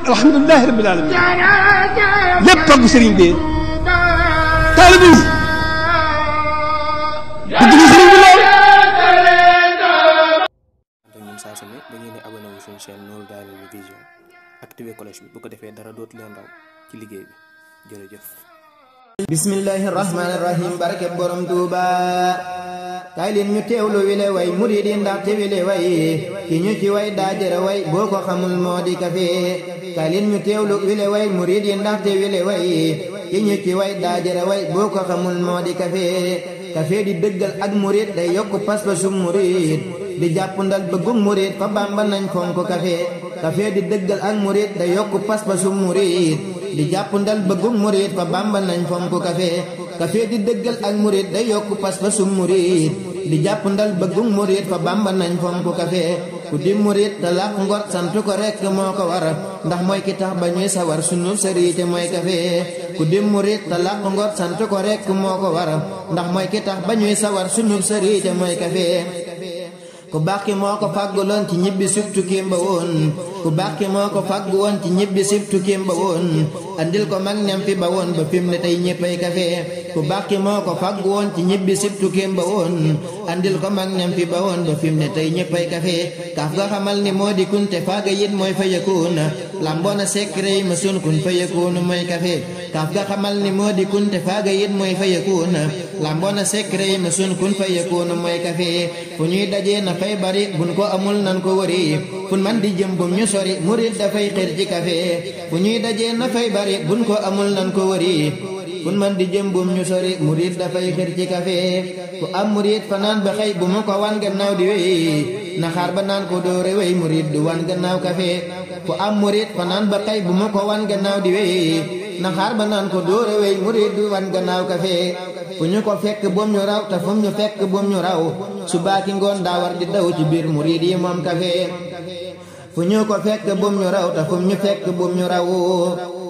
alhamdulilah rabbil alamin lépp togg sëriñ bi taalibu bëgg sëriñ bi lool ñun saa su ne da ngeen di abonné wu suñu chaîne Nourou Darayni Vision activé cloche bi bu ko defee dara dootu leen raw ci liggéey bi jërëjëf bismillahi rahmaani rahim barke borom Tuuba kaay leen ñu teewlu wile way murid yi ndaxte wile way ki ñu ci way daa jëra way boo ko xamul moo di kafe kay leen ñu teewlu wile way murid yi ndaxte wile way yi ñu ci way daa jëre way boo ko xamul moo di kafe kafe di dëggal ak murid day yokk pas-pasu murid di jàppandal bëggu murid fa Bàmba nañ fonk kafe kafe di dëggal ak murid day yokk pas-pasu murid di jàppandal bëggu murid fa Bàmba nañ fonk kafe kafe di dëggal ak murid day yokk pas-pasu murid di jàppandal bëggu murid fa Bàmba nañ fonk kafe ku di murit te làq ngor sant ko rek moo ko war ndax mooy ki tax ba ñuy sawar sunu sa te mooy kafe ku di murit te làq ngor sant ko rek moo ko war ndax mooy ki tax ba ñuy sawar sunu sëriñ te mooy kafe ku bàkki moo ko fàgguloon ci ñibbi sib ba woon ku bàkki moo ko fàggu woon ci ñibbi sib ba woon andil ko mag nem fi ba woon ba fim ne tey ñéppay kafe ku bàkki moo ko fàggu woon ci ñibbi sib tukkim ba woon andil ko mag fi ba woon ba fim ne tey ñéppay kafe kaaf nga xamal ni moo di kunte faaga yit mooy fayakuuna lambona sekre masun kun fayakun moy kafe kafga khamal ni modi kun tefaga yid moy fayakun lambona sekre masun kun fayakun moy kafe fuñuy daje na fay bari bun ko amul nan ko wari kun man di jëm bum ñu sori murid da fay xir ci kafe fuñuy daje na fay bari bun ko amul nan ko wari kun man di jëm bum ñu sori murid da fay xir ci kafe ku am murid fanan ba xey bu mu ko wan gannaaw di wey na xaar ba ko doore wey murid du wan gannaaw kafe ku am murit fa naan ba tey bu ma ko wan gannaaw di wey na xaar ba naan ko dóore wey murit du wan gannaaw ka fee fu ñu ko fekk bom ñu raw te fum ñu fekk bom ñu raw subaaki ngoon daa war di daw ci biir murit yi moom ka fee fu ñu ko fekk bom ñu raw te fum ñu fekk bom ñu raw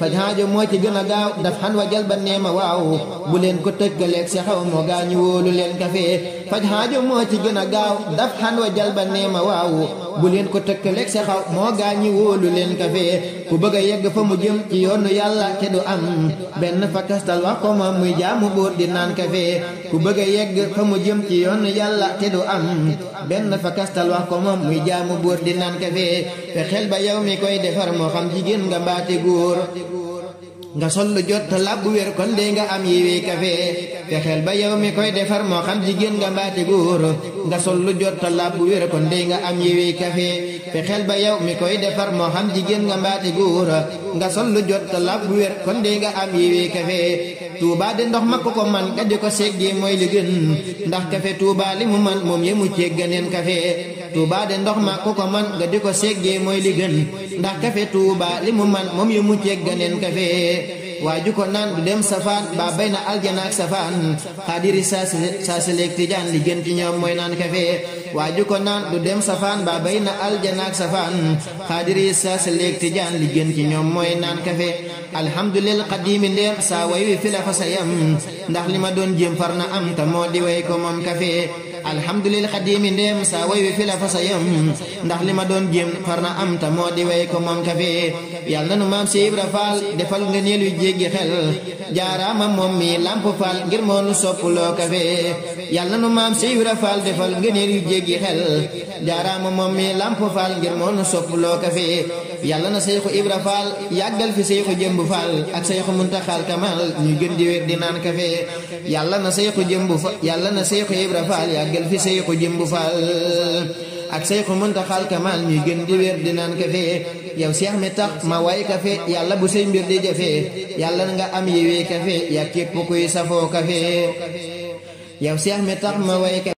فجاجو موتي جنا غاو دفحن وجل بنيما واو بولين كو تگلك سخو مو غاني وولو لين كافي فجاجو موتي جنا غاو دفحن وجل بنيما واو bu leen ko tëkkaleeg sa xaw moo gaañi wóolu leen ka fee bëgg a yegg fa mu jëm ci yoonu yàlla te du am benn fakastal wax ko muy jaamu bóor di naan ka fee ku bëgg a yegg fa mu jëm ci yoonu yàlla te du am benn fakastal wax ko moom muy jaamu buur di naan ka fee fexeel ba yow mi koy defar moo xam jigéen nga mbaate góor nga sol lu jot te làbbu weer kon dee nga am yi wi kafe fexeel ba yow mi koy defar moo xam jigéen nga mbaati góor nga sol lu jot te làbbu wér kon dee nga am yi wi kafe xel ba yow mi koy defar moo xam jigéen nga mbaati góor nga sol lu jot te làbbu wér kon dee nga am yi wi kafe tuubaa de ndox ma ko man nga ko seggee mooy gën ndax kafe tuubaa li mu man moom yemu ceeg ganeen kafe tuuba de ndox ma ku ko man nga di ko seggee mooy li gën ndax kafe tuuba li mu man moom yu mu ceeg ganeen kafe waa ju ko naan du dem safaan ba bay na aljana safaan xaadiri saa tijaan li gën ci ñoom mooy naan ka waa ju ko naan du dem safaan ba na aljana ak safaan xaadiri saa sileeg tijaan li gën ci ñoom fa sa yam ndax lima don jëm farna am ta moo di way ko moom kafe alhamdulillahi xadimi ndéem saa way fi la fasayam ndax lima don jëm farna am ta moo di way ko moom kafe yàlla nu mam si Ibra defal nga ne lu jegi xel jaaraama mom mi lamp fal ngir mo nu sopp loo kafe yàlla nu mam si Ibra defal nga ne lu jegi xel jaaraama mom mi lamp fal ngir mo nu sopp loo kafe yàlla na Seexu Ibra Faal fi Seexu Jëmb fal ak Seexu muntakhal Kamal ñu gën di wér di naan kafe de yàlla na seyxu jëmbu fa yàlla na seyxu ibra faal yàggal fi seyxu jëmbu faal ak seyxu muntaxal kamal ñuy gën di wér di naan ka fee yow seex mi tax ma way ka fee yàlla bu say mbir di jafe yàlla nga am yiwee ka fee yaa képp kuy safoo ka fee yow seex mi tax ma way ka